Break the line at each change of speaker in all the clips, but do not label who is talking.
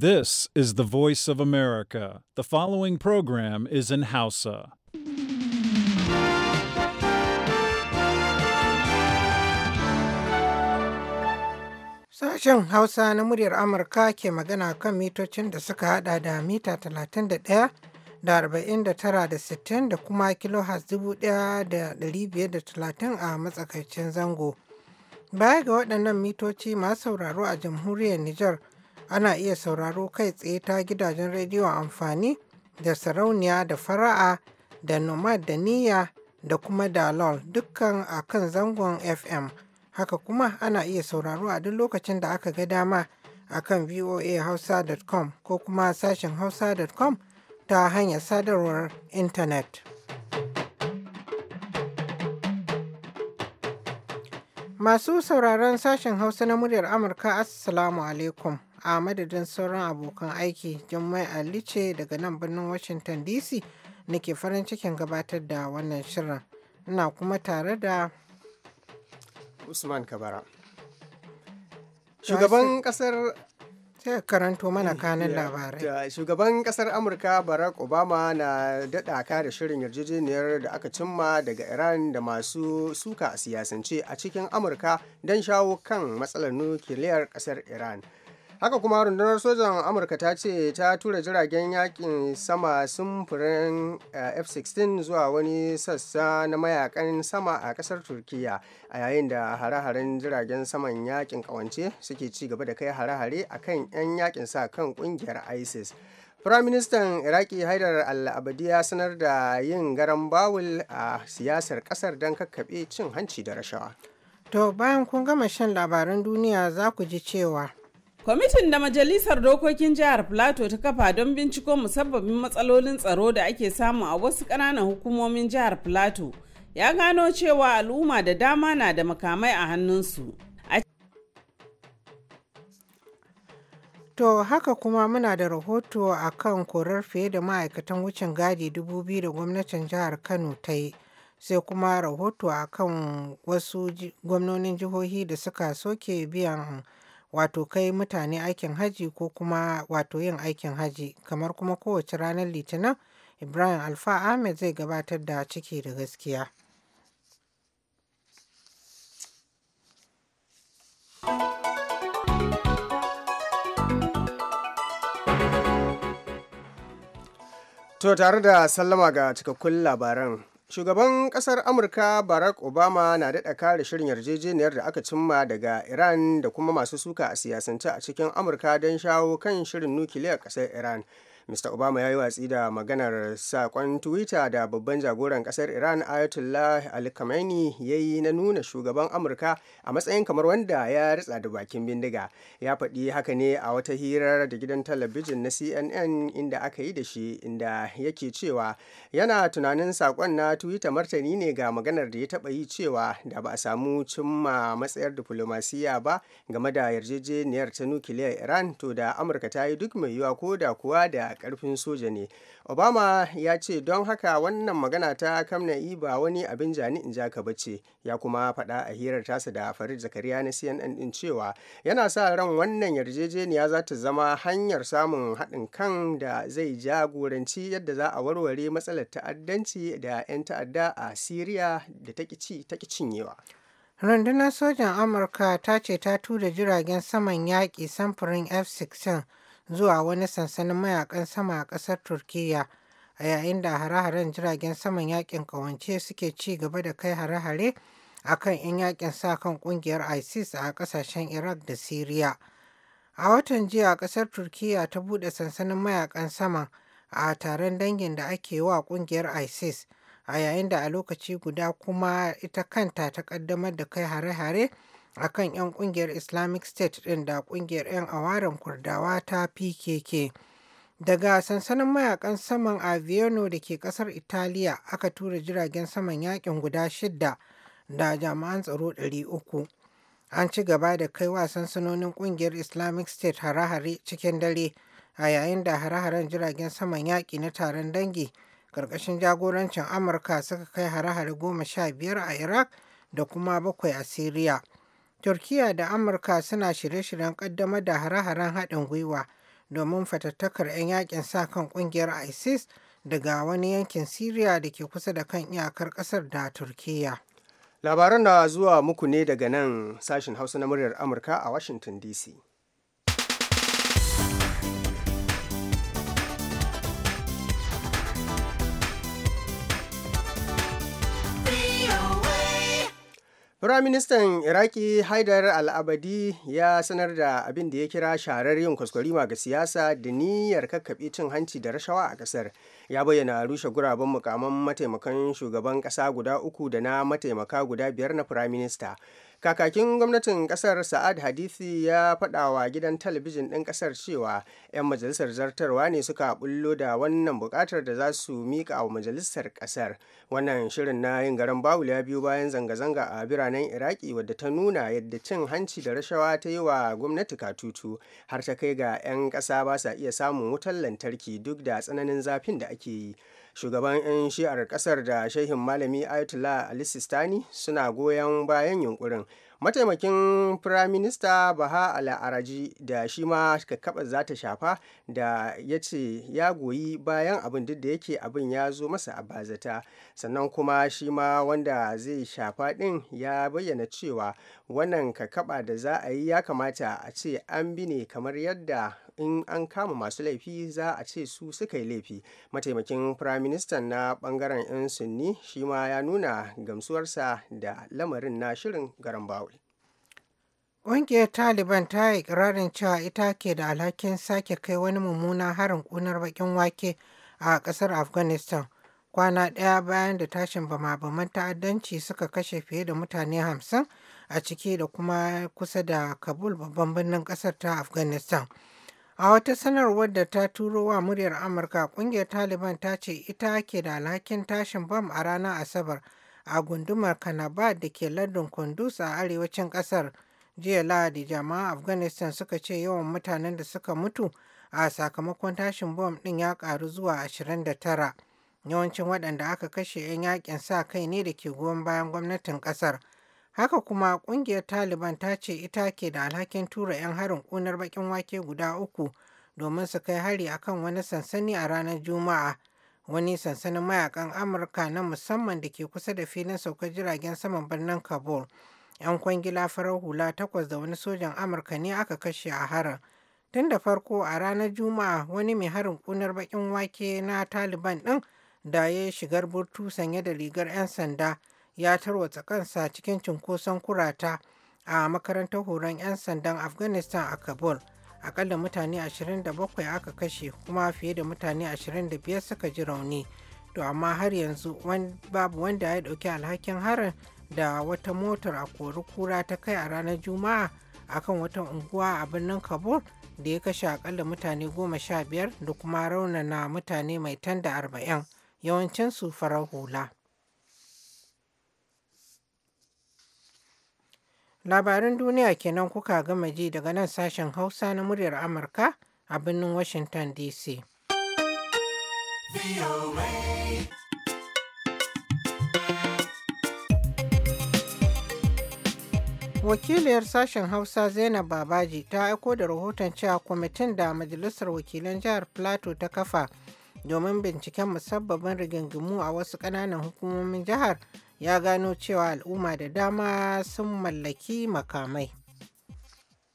This is the voice of America. The following program is in Hausa.
Sashen Hausa na muryar Amurka ke magana kan mitocin da suka hada da mita 31 da 49 da 60 da kuma kilohas 1530 a matsakaicin zango. Baya ga waɗannan mitoci masu sauraro a jamhuriyar Nijar. Ana iya sauraro kai tsaye ta gidajen rediyo amfani da sarauniya da fara'a da nomad da niyya da kuma dalol dukkan a kan zangon FM. Haka kuma ana iya sauraro a duk lokacin da aka ga dama a kan voahausa.com ko kuma sashen hausa.com ta hanyar sadarwar intanet. Masu sauraron sashen Hausa na muryar Amurka, Assalamu alaikum. a madadin sauran abokan aiki jummai alice ce daga nan birnin washington dc nake farin cikin gabatar da wannan shirin ina kuma tare da
usman kabara shugaban kasar
karanto mana kanin labarai
shugaban kasar amurka barack obama na daɗa da shirin yarjejeniyar da aka cimma daga iran da masu suka a siyasance a cikin amurka don shawo kan matsalar nukiliyar kasar iran haka kuma rundunar sojan amurka ta ce ta tura jiragen yakin sama sumfurin eh, f-16 zuwa wani sassa na mayakan sama a kasar turkiya a yayin da hare-haren jiragen saman yakin kawance suke ci gaba da kai hare-hare a kan 'yan yakin sa kan kungiyar isis Firaministan Iraki Haidar Al-Abadi ya sanar da yin garan bawul a siyasar kasar don kakkaɓe cin hanci da rashawa.
To bayan kun gama shan labaran duniya za ku ji cewa Kwamitin da Majalisar Dokokin Jihar Plateau ta kafa don binciko musabbabin matsalolin tsaro da ake samu a wasu ƙananan hukumomin Jihar Plateau ya gano cewa al'umma da dama na da makamai a hannunsu. To haka kuma muna da rahoto a kan korar fiye da ma'aikatan wucin gadi dubu biyu da gwamnatin jihar Kano ta yi. sai kuma rahoto a kan wasu gwamnonin jihohi da suka soke biyan wato kai mutane aikin haji ko kuma wato yin aikin haji kamar kuma kowace ranar litinin ibrahim alfa ahmed zai gabatar da ciki da gaskiya
To tare da sallama ga cikakkun labaran Shugaban ƙasar Amurka Barack Obama na daɗa kare shirin yarjejeniyar da aka cimma daga Iran da kuma masu suka a siyasance a cikin Amurka don shawo kan shirin nukiliyar ƙasar Iran. mr obama ya yi watsi da maganar sakon twitter da babban jagoran ƙasar iran ayatollah ali khamenei ya yi na nuna shugaban amurka a matsayin kamar wanda ya ritsa da bakin bindiga ya faɗi haka ne a wata hirar da gidan talabijin na cnn inda aka yi da shi inda yake cewa yana tunanin sakon na twitter martani ne ga maganar da ya taɓa yi cewa da ba a samu cimma matsayar diflomasiya ba game da yarjejeniyar ta nukiliyar iran to da amurka ta yi duk mai yiwa ko da kuwa da karfin soja ne obama ya ce don haka wannan magana ta kamna'i ba wani abin jani in jaka ba ce ya kuma faɗa a hirar tasa da farid zakariya na cnn din cewa yana sa ran wannan yarjejeniya za ta zama hanyar samun haɗin kan da zai jagoranci yadda za a warware matsalar ta'addanci da 'yan ta'adda a syria da ta cinyewa
rundunar sojan amurka ta ce ta tura jiragen saman yaƙi samfurin f-16 zuwa wani sansanin mayakan sama a ƙasar Turkiyya a yayin da hare-haren jiragen saman yakin ƙawance suke ci gaba da kai hare-hare a kan 'yan yakin sa kan ƙungiyar ISIS a kasashen Iraq da Syria, A watan jiya ƙasar Turkiyya ta buɗe sansanin mayakan sama a taron dangin da ake wa ƙungiyar ISIS a yayin da a lokaci guda kuma ita kanta ta ƙaddamar da kai hare-hare akan 'yan kungiyar islamic state ɗin da kungiyar 'yan awaren kurdawa ta pkk daga sansanin mayakan saman aviano da ke kasar italiya aka tura jiragen saman yakin guda shidda da jami'an tsaro 300 an ci gaba da kai wa sansanonin kungiyar islamic state hare-hare cikin dare a yayin da hare-haren jiragen saman yaƙi na taron dangi ƙarƙashin jagorancin amurka suka kai hare-hare goma sha biyar a iraq da kuma bakwai a syria Turkiyya da Amurka suna shirye-shiryen ƙaddamar da hare-haren haɗin gwiwa domin fatattakar 'yan yakin sa kan ƙungiyar ISIS daga wani yankin Siriya da ke kusa da kan iyakar ƙasar da Turkiyya.
Labaran na zuwa muku ne daga nan sashen Hausa na muryar Amurka a Washington DC. Firaministan Iraki Haidar al'abadi ya sanar da abin da ya kira shaharar yin kwaskwarima ga siyasa da niyyar kakkaɓe cin hanci da rashawa a ƙasar. ya bayyana rushe guraben mukaman mataimakan shugaban kasa guda uku da na mataimaka guda biyar na firaminista kakakin gwamnatin kasar sa'ad hadithi ya faɗa wa gidan talabijin ɗin kasar cewa 'yan majalisar zartarwa ne suka bullo da wannan buƙatar da za su mika wa majalisar kasar wannan shirin na yin garan bawul ya biyo bayan zanga-zanga a biranen iraki wadda ta nuna yadda cin hanci da rashawa ta yi wa gwamnati katutu har ta kai ga 'yan ƙasa ba sa iya samun wutar lantarki duk da tsananin zafin da ake ake yi shugaban 'yan shi'ar kasar da shehin malami ayatollah ali sistani suna goyon bayan yunkurin mataimakin firaminista baha al'araji da shi ma kakkaɓa za ta shafa da ya ce ya goyi bayan abin duk da yake abin ya zo masa a bazata sannan kuma shi ma wanda zai shafa ɗin ya bayyana cewa wannan kakkaɓa da za a yi ya kamata a ce an bi ne kamar yadda in an kama masu laifi za a ce su suka yi laifi mataimakin firaministan na bangaren 'yan sunni shi ma ya nuna gamsuwarsa da lamarin na shirin garan bawul
Ƙungiyar Taliban ta yi ƙirarin cewa ita ke da alhakin sake kai wani mummuna harin kunar baƙin wake a ƙasar Afghanistan kwana ɗaya bayan da tashin bama-baman ta'addanci suka kashe fiye da mutane hamsin a ciki da kuma kusa da Kabul babban birnin ƙasar ta Afghanistan. A wata sanarwar da ta turo wa muryar Amurka, ƙungiyar Taliban ta ce ita ke da alhakin tashin bam a ranar Asabar a gundumar Kanabad da ke lardin Kunduz a arewacin ƙasar. Jiya Lahadi jama'a Afghanistan suka ce yawan mutanen da suka mutu a sakamakon tashin bom din ya ƙaru zuwa 29. Yawancin waɗanda aka kashe 'yan yakin sa kai ne da ke goyon bayan gwamnatin ƙasar. Haka kuma ƙungiyar Taliban ta ce ita ke da alhakin tura 'yan harin kunar bakin wake guda uku domin su kai hari akan wani sansani a ranar Juma'a. Wani sansanin mayakan Amurka na musamman da ke kusa da filin saukar jiragen saman birnin Kabul. 'Yan kwangila farar hula takwas da wani sojan Amurka ne aka kashe a harin. Tun da farko a ranar Juma'a wani mai harin kunar bakin wake na Taliban din da ya shigar burtu sanye da rigar 'yan sanda ya tarwatsa kansa cikin cunkoson kurata a makarantar horon 'yan sandan afghanistan a kabul akalla mutane 27 aka kashe kuma fiye da mutane 25 suka ji rauni to amma har yanzu babu wanda ya dauki alhakin harin da wata motar a kori kura ta kai a ranar juma'a akan wata unguwa a birnin kabul da ya kashe akalla mutane 15 da kuma raunana mutane mai tanda arba'in yawancinsu farar hula Labaran duniya kenan kuka gama ji daga nan sashen Hausa na muryar Amurka a birnin Washington DC. Wakiliyar sashen Hausa Zainab Babaji ta aiko da rahoton cewa kwamitin da Majalisar Wakilan Jihar Plateau ta kafa domin binciken musabbabin rigingimu a wasu ƙananan hukumomin jihar ya gano cewa al'umma da dama sun mallaki makamai.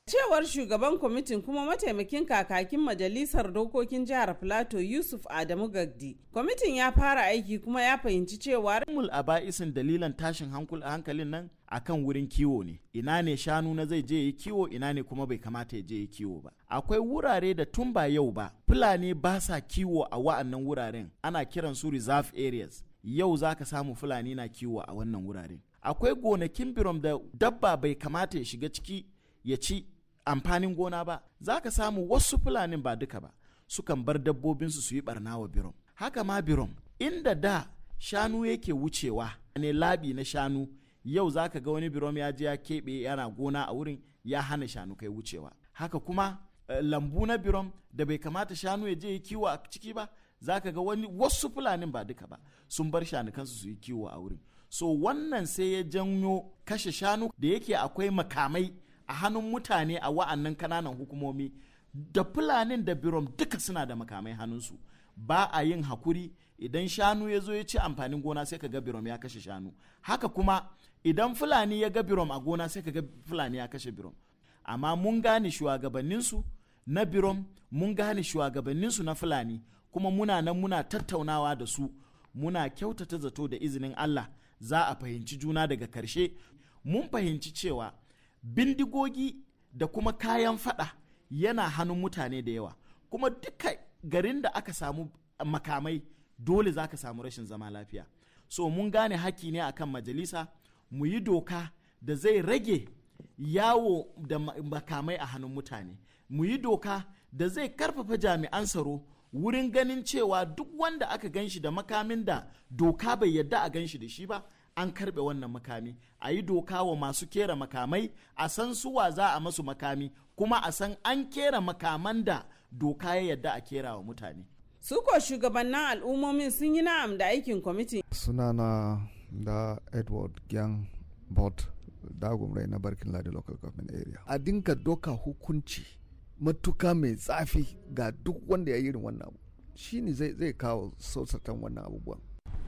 Cewar shugaban kwamitin kuma mataimakin kakakin majalisar dokokin jihar Filato Yusuf Adamu Gagdi. Kwamitin ya fara aiki kuma ya fahimci
cewa mul baisin dalilan tashin hankalin nan akan wurin kiwo ne. Ina ne shanu na zai je yi kiwo ina ne kuma bai kamata ya je yi kiwo ba. Akwai wurare da tun ba yau ba Fulani ba sa kiwo a wa'annan wuraren ana kiran su reserve areas. yau za ka samu fulani na kiwo a wannan wuraren akwai gonakin birom da dabba bai kamata ya shiga ciki ya ci amfanin gona ba za ka samu wasu fulanin ba duka ba sukan bar dabbobinsu su yi barna wa birom haka ma birom inda da shanu yake wucewa ne labi na shanu yau za ka ga wani birom ya je ya keɓe yana gona a wurin ya hana shanu kai wucewa haka kuma eh, lambu na birom da bai kamata shanu ya je ya kiwo a ciki ba za ka ga wasu fulanin ba duka ba sun bar shanu kansu su yi kiwo a wurin so wannan sai ya janyo kashe shanu da yake akwai makamai a hannun mutane a wa'annan kananan hukumomi da fulanin da birom duka suna da makamai hannunsu ba a yin hakuri idan shanu ya zo ya ci amfanin gona sai ka ga birom ya kashe shanu haka kuma idan fulani ya ga birom a gona sai ka ga fulani ya kashe birom amma mun gane shugabanninsu na birom mun gane shugabanninsu na fulani kuma muna nan muna tattaunawa da su muna kyautata zato da izinin Allah za a fahimci juna daga karshe mun fahimci cewa bindigogi da kuma kayan fada yana hannun mutane da yawa kuma duka garin da aka samu makamai dole za ka samu rashin zama lafiya so mun gane haki ne akan majalisa mu yi doka da zai rage yawo da makamai a hannun mutane mu yi doka da zai karfafa jami'an tsaro wurin ganin cewa duk wanda aka gan shi da makamin da doka bai yadda a gan shi da shi ba an karbe wannan makami a yi doka wa masu kera makamai a san suwa za a masu makami kuma a san an kera makaman da doka ya yadda a kera wa mutane su ko shugabannin al'ummomin sun yi na'am da aikin kwamiti sunana da edward gyan bot dagumrai na barkin ladi local government area a dinka doka hukunci matuka mai tsafi ga duk wanda ya yi irin wannan abu shi ne zai kawo sausatan wannan abubuwan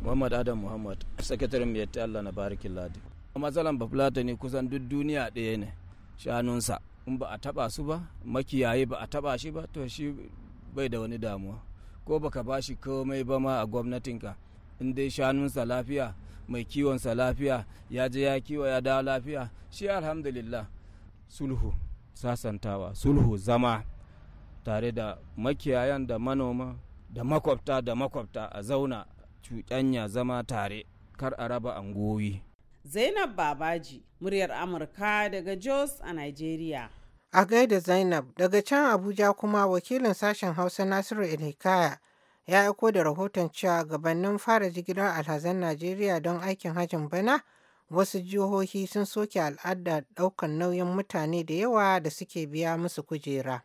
muhammad adam muhammad sakataren mai yadda allah na barikin ladi matsalan bafulata ne kusan duk duniya ɗaya ne shanunsa in ba a taba su ba makiyayi ba a taba shi ba to shi bai da wani damuwa ko baka ba shi komai ba ma a gwamnatinka in dai shanunsa lafiya mai kiwonsa lafiya ya je ya kiwo ya dawo lafiya shi alhamdulillah sulhu sasantawa sulhu zama tare da makiyayan da manoma da makwabta da makwabta a zauna cuɗanya zama tare kar a raba angoyi
zainab babaji muryar amurka daga jos a nigeria a gaida zainab daga can abuja kuma wakilin sashen hausa nasiru ilikaya ya aiko da rahoton cewa gabanin fara jigilar alhazan najeriya don aikin hajjin bana Wasu jihohi sun soke al'ada ɗaukar nauyin mutane da yawa da suke biya musu kujera.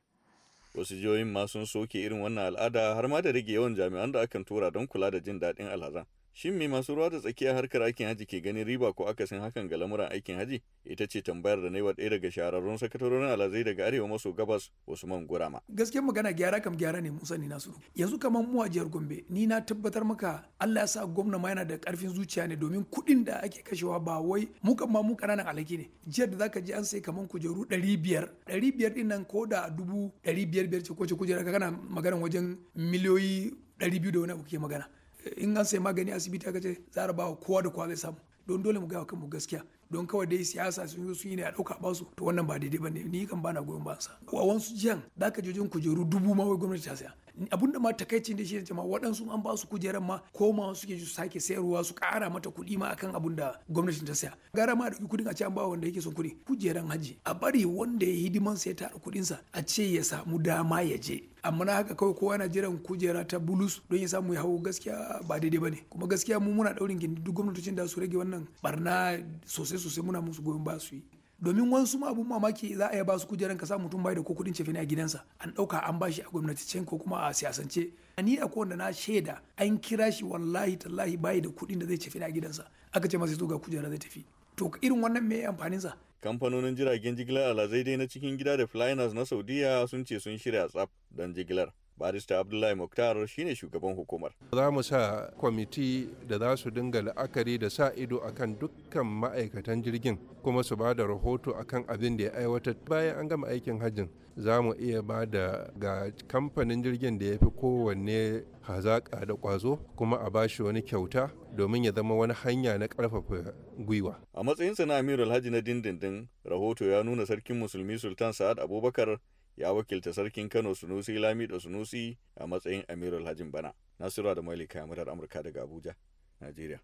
Wasu jihohin ma sun soke irin wannan al'ada har ma da rage yawan jami'an da akan tura don kula da jin daɗin alhazan. Shin mai masu ruwa da tsakiya harkar aikin haji ke ganin riba ko akasin hakan ga lamuran aikin haji? Ita ce tambayar da na yi wa ɗaya daga shahararrun sakatarorin alazai daga arewa maso gabas Usman Gurama.
Gaskiyar magana gyara kam gyara ne mun sani nasu. Yanzu kamar mu a jihar Gombe ni na tabbatar maka Allah ya sa gwamna ma yana da karfin zuciya ne domin kuɗin da ake kashewa ba wai mu kan ma mu ƙananan alaki ne. Jihar da zaka je an sai kamar kujeru ɗari biyar. Ɗari biyar ɗin nan ko da dubu ɗari biyar biyar ce ko ce kujera kana maganar wajen miliyoyi ɗari biyu da wani kuke magana. in an sai magani asibiti aka ce za a bawa kowa da kowa zai samu don dole mu gaya mu gaskiya don kawai dai siyasa sun yi su yi ne a dauka basu to wannan ba daidai bane ni kan bana goyon ba sa a wasu jiyan da ka jojin kujeru dubu ma wai gwamnati ta saya abun da ma takaicin da shi jama'a waɗansu an ba su kujerar ma koma suke su sake sayarwa su kara mata kuɗi ma akan abun da gwamnatin ta saya gara ma da kuɗin a ce an ba wanda yake son kuɗi kujeran haji a bari wanda ya hidiman sai tara kuɗinsa a ce ya samu dama ya je amma na haka kawai kowa na jiran kujera ta bulus don ya samu ya hau gaskiya ba daidai ne kuma gaskiya mu muna daurin gindi duk gwamnatocin da su rage wannan barna sosai sosai muna musu goyon ba su yi domin wasu ma abun mamaki za a iya ba su kujeran ka sa mutum bai da ko kudin cefene a gidansa an dauka an bashi a gwamnatacen ko kuma a siyasance a ni a kowanne na shaida an kira shi wallahi tallahi bai da kudin da zai cefene a gidansa aka ce masa ga kujera zai tafi to irin wannan me amfanin sa
kamfanonin jiragen jigilar alazai dai na cikin gida da flyers na saudiya sun ce sun shirya tsaf don jigilar barista abdullahi shi shine shugaban hukumar
za mu sa kwamiti da za su dinga la'akari da sa ido akan dukkan ma'aikatan jirgin kuma su ba da rahoto akan abin da ya aiwatar bayan an gama aikin hajjin za mu iya ba da ga kamfanin jirgin da ya fi kowanne hazaƙa da ƙwazo kuma a ba shi wani kyauta domin ya zama wani hanya na ƙarfafa gwiwa.
A matsayinsa na Amir Alhaji na dindindin, rahoto ya nuna sarkin musulmi Sultan Sa'ad Abubakar ya wakilta sarkin Kano Sunusi Lamido Sunusi a matsayin Amirul Hajin Bana. Nasiru da Malika murar Amurka daga Abuja, Najeriya.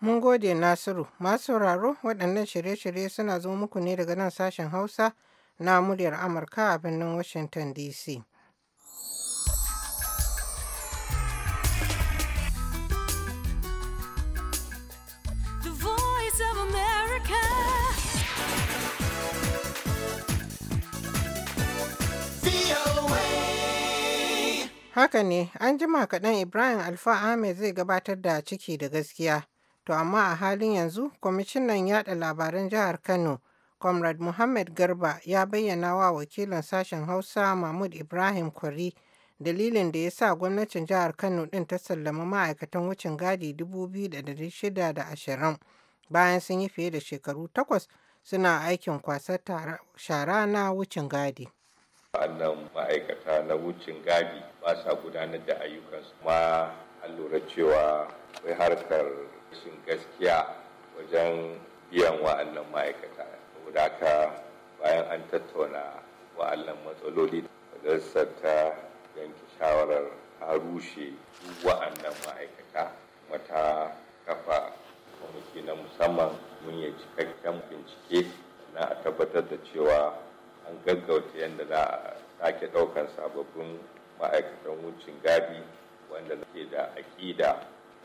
Mun gode Nasiru. Masu sauraro waɗannan shirye-shirye suna zo muku ne daga nan sashen Hausa na muryar Amurka a birnin Washington DC. Haka ne, an jima kaɗan Ibrahim Alfa Ahmed zai gabatar da ciki da gaskiya. To amma a halin yanzu, kwamishinan Yaɗa labaran jihar Kano, Comrade Muhammad Garba ya bayyana wa wakilin sashen Hausa Mahmud Ibrahim Kwari dalilin da ya sa gwamnatin jihar Kano ɗin ta sallama ma'aikatan wucin gadi 2,620 bayan sun yi fiye da shekaru takwas suna aikin kwasar shara na wucin gadi.
ma'aikata na wucin gadi
ba sa gudanar da ayyukansu
ma an lura cewa akwai harkar rashin gaskiya wajen biyan wa'annan ma'aikata saboda haka bayan an tattauna wa'annan matsaloli majalisar ta yanke shawarar ta rushe wa'annan ma'aikata mata kafa kwamiti na musamman mun yi cikakken bincike na a tabbatar da cewa an gaggauta yadda za a sake ɗaukar sababbin ma'aikatan wucin gadi wanda ke da aƙida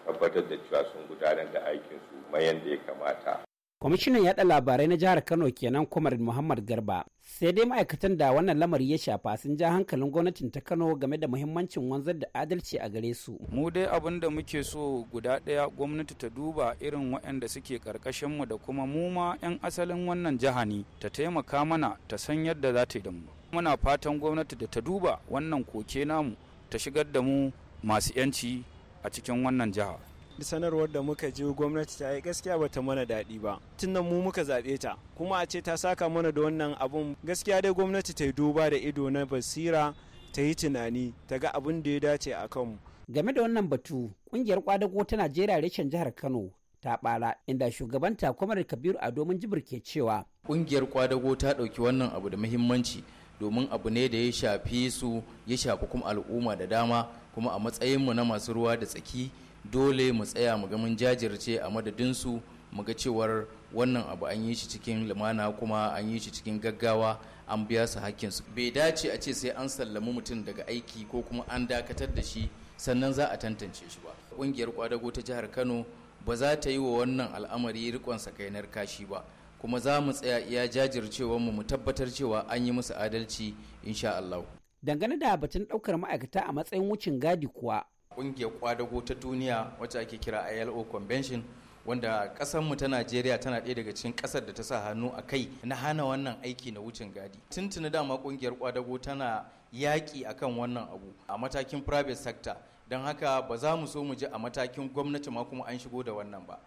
tabbatar da cewa sun gudanar
da aikinsu mayan da ya kamata. Kwamishinan yaɗa labarai na jihar Kano kenan Kumar Muhammad
Garba. Sai dai ma'aikatan da wannan lamari ya shafa sun ja hankalin gwamnatin ta Kano game da muhimmancin wanzar da adalci a gare su.
Mu dai abin da muke so guda ɗaya gwamnati ta duba irin waɗanda suke ƙarƙashinmu da kuma mu ma 'yan asalin wannan jiha ne ta taimaka mana ta san yadda za ta yi da mu. muna fatan gwamnati da ta duba wannan koke namu ta shigar da mu masu 'yanci a cikin wannan jiha
sanarwar da muka je gwamnati ta yi gaskiya ba ta mana daɗi ba tun nan mu muka zaɓe ta kuma a ce ta saka mana da wannan abun gaskiya dai gwamnati ta yi duba da ido na basira ta yi tunani ta ga
abun da ya dace a kanmu game da wannan batu kungiyar kwadago ta najeriya reshen jihar kano ta bara inda shugabanta kwamar kabiru a domin jibir ke cewa kungiyar
kwadago ta ɗauki wannan abu da muhimmanci domin abu ne da ya shafi su ya shafi kuma al'umma da dama kuma a matsayinmu na masu ruwa da tsaki dole mu tsaya mu ga mun jajirce a madadinsu mu ga cewar wannan abu an yi shi cikin lumana kuma an yi shi cikin gaggawa an biya su hakkinsu bai dace a ce sai an sallami mutum daga aiki ko kuma an dakatar da shi sannan za a tantance shi ba ƙungiyar kwadago ta jihar kano ba za ta yi wa wannan al'amari rikon sakainar kashi ba kuma za mu tsaya iya jajircewar mu tabbatar cewa an yi musu adalci insha Allah. Dangane da batun ɗaukar ma'aikata a matsayin wucin gadi kuwa. Ƙungiyar kwadago ta duniya wacce ake kira ILO Convention wanda mu ta najeriya tana ɗaya daga cikin ƙasar da ta sa hannu a kai na hana wannan aiki na wucin gadi tuntuni dama ƙungiyar kwadago tana yaƙi akan wannan abu a matakin private sector don haka ba za mu so mu je a matakin gwamnati ma kuma an shigo da wannan
ba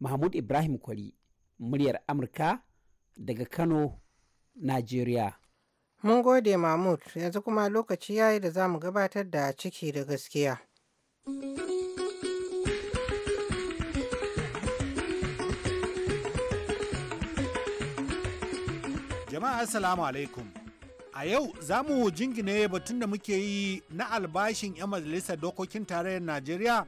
mahmud ibrahim kwari muryar Amurka daga Kano, Najeriya. Mun gode Mahmud, yanzu kuma lokaci ya yi da za mu gabatar da ciki da gaskiya.
Jama'a Assalamu alaikum. A yau za mu jingine batun da muke yi na albashin 'yan majalisar dokokin tarayyar Najeriya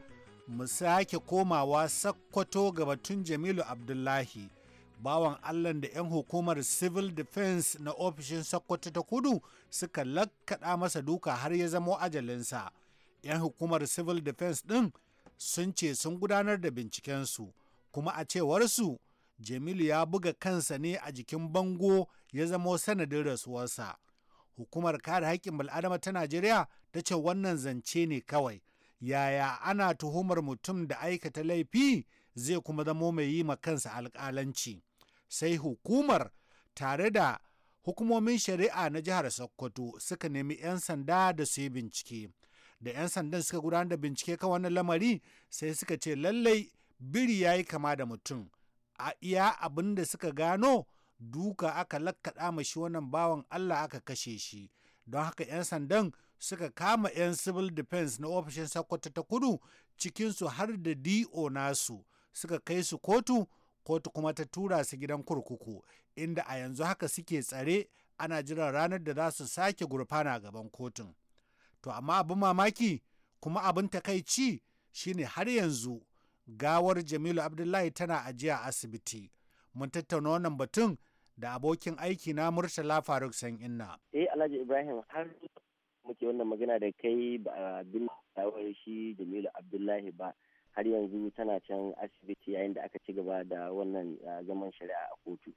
mu sake komawa sakkwato ga batun Jamilu Abdullahi bawan allan da 'yan hukumar civil defense na ofishin sokoto ta kudu suka lakkaɗa masa duka har ya zamo ajalinsa 'yan hukumar civil defense ɗin sun ce sun gudanar da bincikensu kuma a cewarsu jamilu ya buga kansa ne a jikin bango ya zamo sanadin rasuwarsa hukumar kare haƙƙin bil'adama ta najeriya ta ce wannan zance ne kawai yaya ana tuhumar mutum da aikata laifi zai kuma zamo mai yi ma kansa alkalanci sai hukumar tare da hukumomin shari'a na jihar sokoto suka nemi 'yan sanda da su yi bincike da 'yan sandan suka gudanar da bincike kan wannan lamari sai suka ce lallai biri ya yi kama da mutum a iya abin da suka gano duka aka lakkaɗa mashi wannan bawan allah aka kashe shi don haka 'yan sandan suka kama 'yan civil defense na ofishin sokoto ta kudu cikinsu har da do nasu suka kai su kotu kotu kuma ta tura su gidan kurkuku inda a yanzu haka suke tsare ana jiran ranar da za su sake gurfana gaban kotun to amma abin mamaki kuma abin takaici shine har yanzu gawar jamilu abdullahi tana ajiya asibiti mun tattauna wannan batun da abokin aiki na murtala faruk san inna
eh alhaji ibrahim har muke wannan magana da kai ba a bin shi jamilu abdullahi ba har yanzu tana can asibiti yayin da aka ci gaba da wannan zaman shari'a a kotu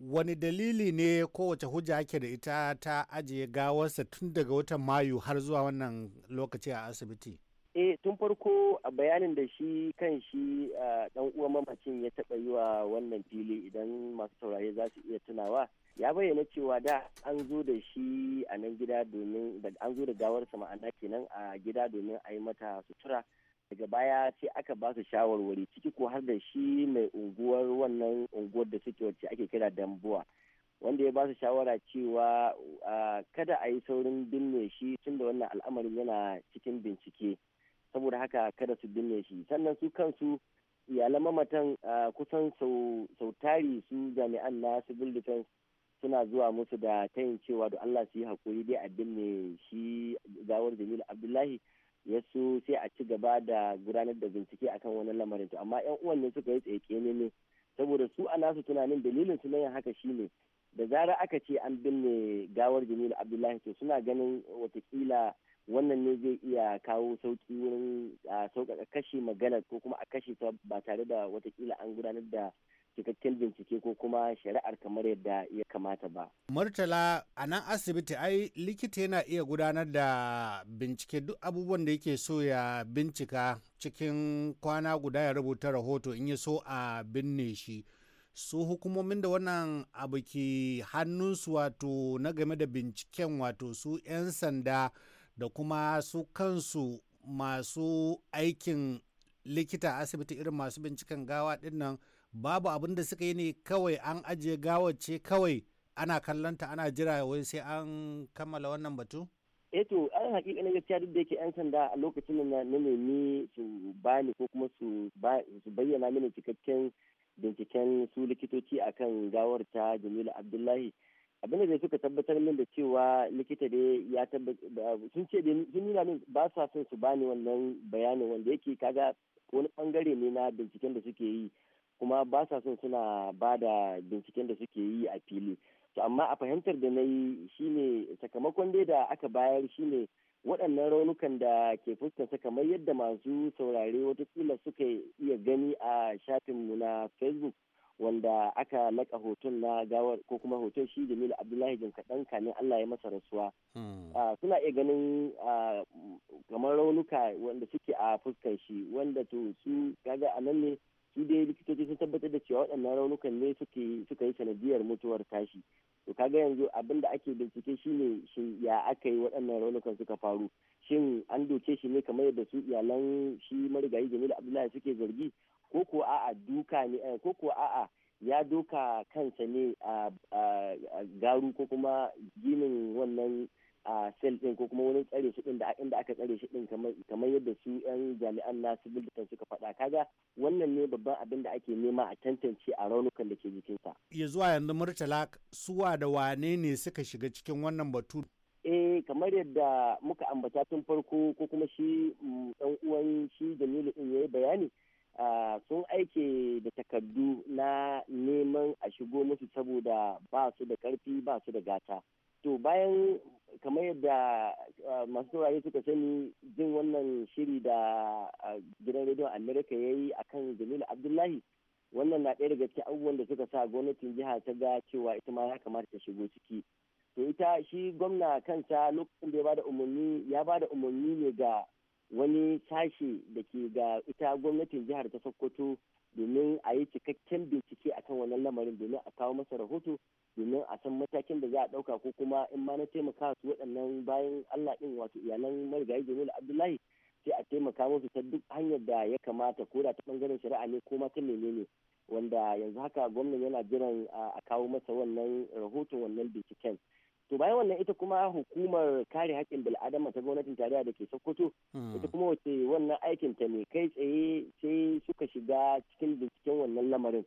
wani dalili ne kowace hujja ake da ita ta ajiye gawarsa tun daga watan mayu har zuwa wannan lokaci a asibiti
eh tun farko a bayanin da shi kan shi dan uwan mamacin ya taba yi wa wannan fili idan masu saurare za su iya tunawa ya bayyana cewa da an zo da shi a nan gida domin an zo da gawarsa ma'ana kenan a gida domin a yi mata sutura daga baya sai aka ba su shawarwari ciki ko har da shi mai unguwar wannan unguwar da suke wacce ake kira dambuwa wanda ya ba su shawara cewa kada a yi saurin binne shi tun da wannan al'amarin yana cikin bincike saboda haka kada su binne shi sannan su kansu iyalan mamatan kusan sau tari su jami'an na civil defense suna zuwa musu da tayin cewa da Allah su yi hakuri dai a binne shi gawar Jamilu Abdullahi yasu sai a ci gaba da gudanar da bincike akan wani lamarin to amma yan uwan ne suka yi tsaye ne saboda su a nasu tunanin dalilin su na yin haka shine da zara aka ce an binne gawar jamilu abdullahi to suna ganin watakila wannan ne zai iya kawo sauki wurin a sauƙaƙa kashe maganar ko kuma a kashe ta ba tare da watakila an gudanar da cikakken bincike ko kuma shari'ar kamar yadda ya kamata ba.
Murtala a nan asibiti ai likita yana iya gudanar da bincike duk abubuwan da yake so ya bincika cikin kwana guda ya rubuta rahoto in ya so a binne shi. Su hukumomin da wannan abu ke hannunsu wato na game da binciken wato su 'yan sanda da kuma su kansu masu aikin likita asibiti irin masu binciken gawa dinnan babu abin da suka yi ne kawai an ajiye ce kawai ana kallonta ana jira wai sai an kammala wannan batu?
eh to an hakika na gaskiya duk da yake yan sanda a lokacin da na nemi su bani ko kuma su bayyana mini cikakken binciken su likitoci akan gawar ta jamilu abdullahi abin da suka tabbatar min da cewa likita ne ya tabbatar sun ce sun nuna min ba sa son su bani wannan bayanin wanda yake kaga wani bangare ne na binciken da suke yi kuma ba sa son suna ba da binciken da suke yi a fili to amma a fahimtar da na yi shine sakamakon dai da aka bayar shine waɗannan raunukan da ke fuskansa kamar yadda masu saurare watakila suka iya gani a shafinmu na facebook wanda aka laka hoton na gawar ko kuma hoton shi jamilu abdullahi jin kaɗan kamin allah ya masa rasuwa hmm. suna iya ganin kamar raunuka wanda suke a fuskan shi wanda to su kaga a nan ne su dai likitoci sun tabbatar da cewa waɗannan raunukan ne suka yi sanadiyar mutuwar tashi to kaga yanzu abin da ake bincike shine shin ya aka yi waɗannan raunukan suka faru shin an doke shi ne kamar yadda su iyalan shi marigayi jamilu abdullahi suke zargi ko ko a'a duka ne eh, ko ko a'a ya doka kansa ne a garu ko kuma ginin wannan a sel din ko kuma wurin tsare shi din da inda aka tsare shi din kamar yadda su yan jami'an na civil defense suka faɗa kaga wannan ne babban abin da ake nema a tantance a raunukan da ke jikinsa
ya zuwa yanzu murtala suwa da wane ne suka shiga cikin wannan batu
eh kamar yadda muka ambata tun farko ko kuma shi dan mm, uwan shi Jamilu din yayi bayani sun aike da takardu na neman a shigo musu saboda ba su da karfi ba su da gata to bayan kamar yadda ah, masu saurare suka sani jin wannan shiri da ah, gidan rediyon amerika ya yi a kan jamilu abdullahi wannan na ɗaya daga cikin abubuwan da suka sa gwamnatin jiha ta ga cewa ita ma ya kamata ta shigo ciki to ita shi gwamna kanta lokacin da ya bada umarni ya bada umarni ne ga wani sashe da ke ga ita gwamnatin jihar ta sokoto domin a yi cikakken bincike akan wannan lamarin domin a kawo masa rahoto domin a san matakin da za a ɗauka ko kuma in ma na taimaka su waɗannan bayan Allah ɗin wato iyalan marigayi Jamil Abdullahi sai a taimaka musu ta duk hanyar da ya kamata ko da ta ɓangaren shari'a ne ko ma ta menene wanda yanzu haka gwamnan yana jiran a kawo masa wannan rahoton wannan binciken to bayan wannan ita kuma hukumar kare haƙƙin bil'adama ta gwamnatin tarayya da ke sokoto hmm. ita kuma wace wannan aikin ta ne kai tsaye sai suka shiga cikin binciken wannan lamarin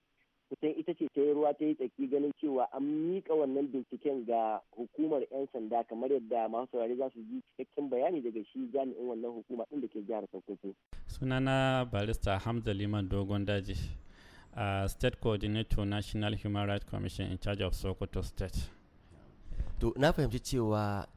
kusan ita ce ta yi ruwa ta yi tsaki ganin cewa an miƙa wannan binciken ga hukumar 'yan sanda kamar yadda masu saurari za su ji cikakken bayani daga shi jami'in wannan hukuma ɗin da ke jihar sokoto
sunana barista hamza liman dogon daji a state coordinator national human rights commission in charge of sokoto state to na fahimci cewa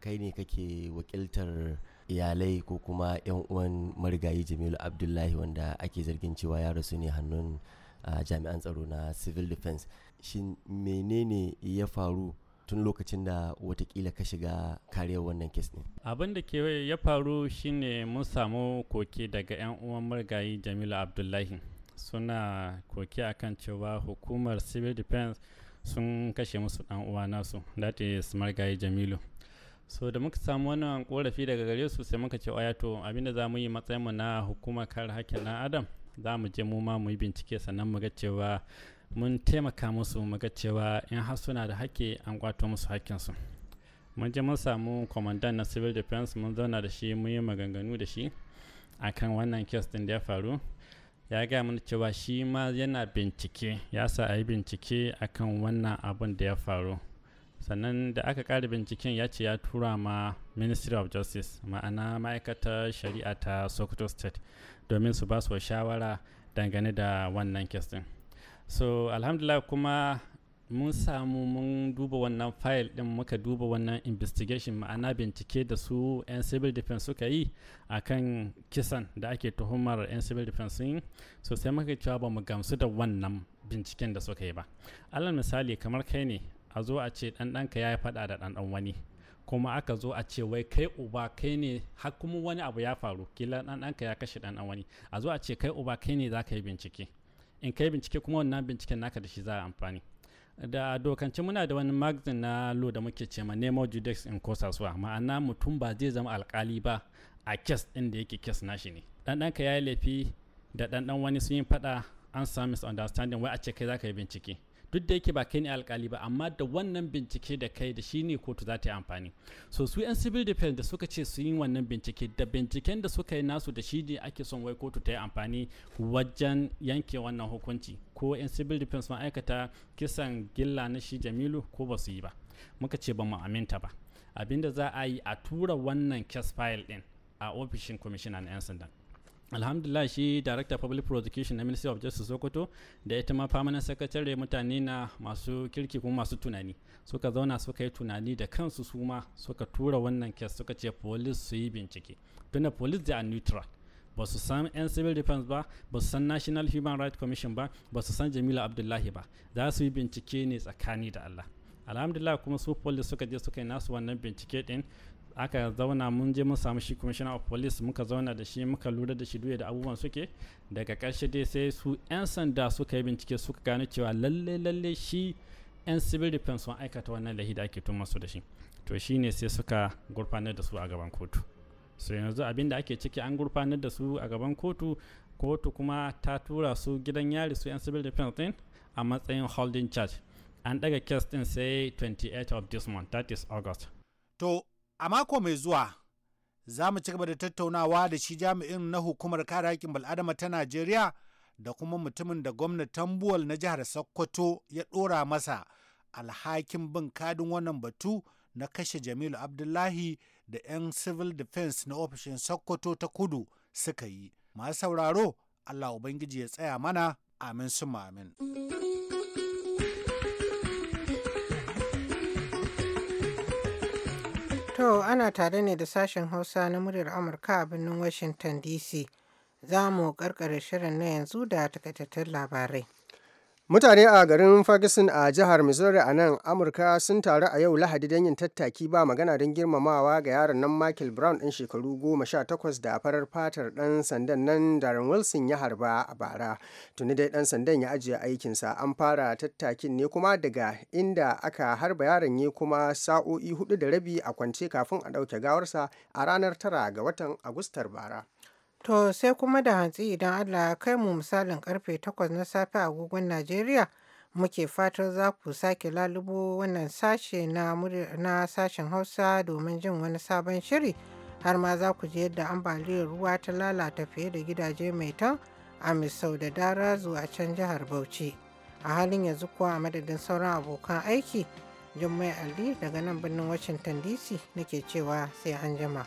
kai ne kake wakiltar
iyalai ko kuma 'yan uwan marigayi jamilu abdullahi wanda ake zargin cewa ya rasu ne hannun a jami'an tsaro na civil defense shin menene ya faru tun lokacin da watakila ka shiga kariyar wannan kes ne
abin da ke ya faru shine mun samu koke daga 'yan uwan marigayi jamilu abdullahi suna koke akan cewa hukumar civil defense sun kashe musu dan uwa nasu that is marigayi jamilu so da muka samu wannan korafi daga gare su sai muka ce to abinda za mu yi matsayinmu na hukumar kare haƙƙin dan adam za mu je mu ma mu yi bincike sannan mu ga cewa mun taimaka musu mu ga cewa in har suna da hake an kwato musu haƙƙinsu mun je mun samu kwamandan na civil defense mun zauna da shi mun yi maganganu da shi akan wannan kes din da ya faru ya gaya mana cewa shi ma yana bincike ya sa a yi bincike akan wannan abun da ya faru sannan da aka ƙara binciken ya ce ya tura ma ministry of justice ma'ana ma'aikatar shari'a ta sokoto state domin su ba su shawara dangane da wannan kes ɗin so alhamdulillah kuma mun samu mun duba wannan fayil din muka duba wannan investigation ma'ana bincike da su 'yan civil defense suka yi a kan kisan da ake tuhumar 'yan civil defense yin so sai muka cewa ba mu gamsu da wannan binciken da suka yi ba alal misali kamar kai ne a zo a ce ɗanɗanka ya yi faɗa da ɗanɗan wani kuma aka zo a ce wai kai uba kai ne har kuma wani abu ya faru kila dan danka ya kashe dan wani a zo a ce kai uba kai ne za yi bincike in kai bincike kuma wannan binciken naka da shi za a amfani da dokance muna da wani magazin na lo da muke ce ma nemo judex in kosasuwa ma'ana mutum ba zai zama alkali ba a kes ɗin da yake kes nashi ne dan danka ya yi laifi da dan wani sun yi faɗa an samu misunderstanding wai a ce kai za yi bincike duk da yake ba kai ne alkali ba amma da wannan bincike da kai da shi ne kotu za ta yi amfani so su yan civil defense da suka ce su yi wannan bincike da binciken da suka yi nasu da shi ne ake son wai kotu ta yi amfani wajen yanke wannan hukunci ko yan civil defense ma'aikata kisan gilla na shi jamilu ko ba su yi ba muka ce ba mu aminta ba abinda za a yi a tura wannan case file din a ofishin na 'yan sandan alhamdulillah shi director public prosecution na ministry of justice sokoto da ita ma permanent sakatare mutane na masu kirki kuma masu tunani suka zauna suka yi tunani da kansu su ma suka tura wannan kes suka ce police su yi bincike tunda police da are neutral ba su san yan civil defense ba ba su san national human rights commission ba ba su san jamila abdullahi ba za su yi bincike ne tsakani da allah alhamdulillah kuma su police suka je suka yi nasu wannan bincike din aka zauna mun je mun samu shi commissioner of police muka zauna da shi muka lura da shi duya da abubuwan suke daga karshe dai sai su 'yan sanda suka yi bincike suka gane cewa lalle lalle shi 'yan civil defense sun aikata wannan lahida ake tuma su da shi to shi ne sai suka gurfanar da su a gaban kotu so yanzu abin da ake ciki an gurfanar da su a gaban kotu kotu kuma ta tura su gidan yari su 'yan civil defense din a matsayin holding charge an daga kes din sai 28 of this month that is august to a mako mai zuwa za mu
ci gaba da tattaunawa da shi jami'in na hukumar kare haƙƙin bal'adama ta najeriya da kuma mutumin da gwamnatin buwal na jihar sokoto ya ɗora masa alhakin bin kadin wannan batu na kashe jamilu abdullahi da 'yan civil defense na ofishin sokoto ta kudu suka yi masu sauraro allah ubangiji ya tsaya mana
amin su amin. To ana tare ne da sashen Hausa na muryar Amurka a birnin Washington DC. Za mu karkare shirin na yanzu da takaitattun labarai.
Mutane a garin Ferguson a jihar Missouri a nan Amurka sun taru a yau Lahadi don yin tattaki ba magana don girmamawa ga yaron nan Michael Brown ɗin shekaru goma sha takwas da farar fatar ɗan sandan nan Darren Wilson ya harba a bara. Tuni dai ɗan sandan ya ajiye aikinsa an fara tattakin ne kuma daga inda aka harba yaron ne kuma sa'o'i hudu da rabi a kwance kafin a ɗauke gawarsa a ranar tara ga watan Agustar bara.
To sai kuma da hantsi idan Allah ya kai mu misalin karfe takwas na safe a agogon Najeriya muke fatar za ku sake lalubo wannan sashe na sashen Hausa domin jin wani sabon shiri har ma za ku ji yadda ambaliyar ruwa ta lalata fiye da gidaje mai tan a Misau da dara a can jihar Bauchi. A halin yanzu kuwa a madadin sauran abokan aiki Jummai Ali daga nan birnin Washington DC nake cewa sai an jima.